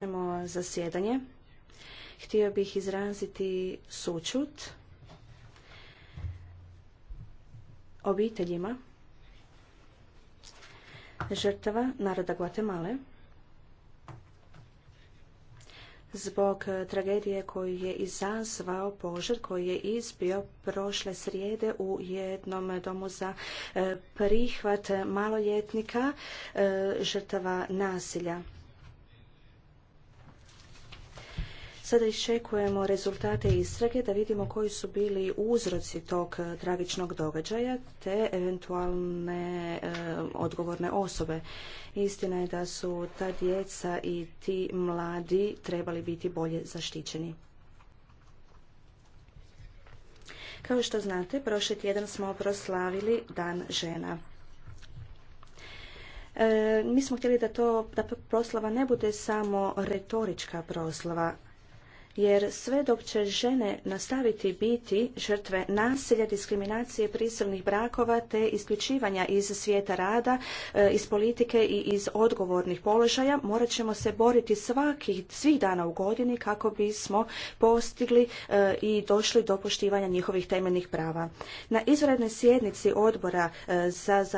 za zasjedanje. Htio bih izraziti sučut obiteljima žrtava naroda Guatemala zbog tragedije koju je izazvao požar koji je izbio prošle srijede u jednom domu za e, prihvat maloljetnika e, žrtava nasilja. Sada iščekujemo rezultate istrage da vidimo koji su bili uzroci tog e, tragičnog događaja te eventualne e, odgovorne osobe. Istina je da su ta djeca i ti mladi trebali biti bolje zaštićeni. Kao što znate, prošli tjedan smo proslavili Dan žena. E, mi smo htjeli da to da proslava ne bude samo retorička proslava, jer sve dok će žene nastaviti biti žrtve nasilja, diskriminacije, prisilnih brakova te isključivanja iz svijeta rada, e, iz politike i iz odgovornih položaja, morat ćemo se boriti svakih, svih dana u godini kako bismo postigli e, i došli do poštivanja njihovih temeljnih prava. Na izvanrednoj sjednici odbora e, za, za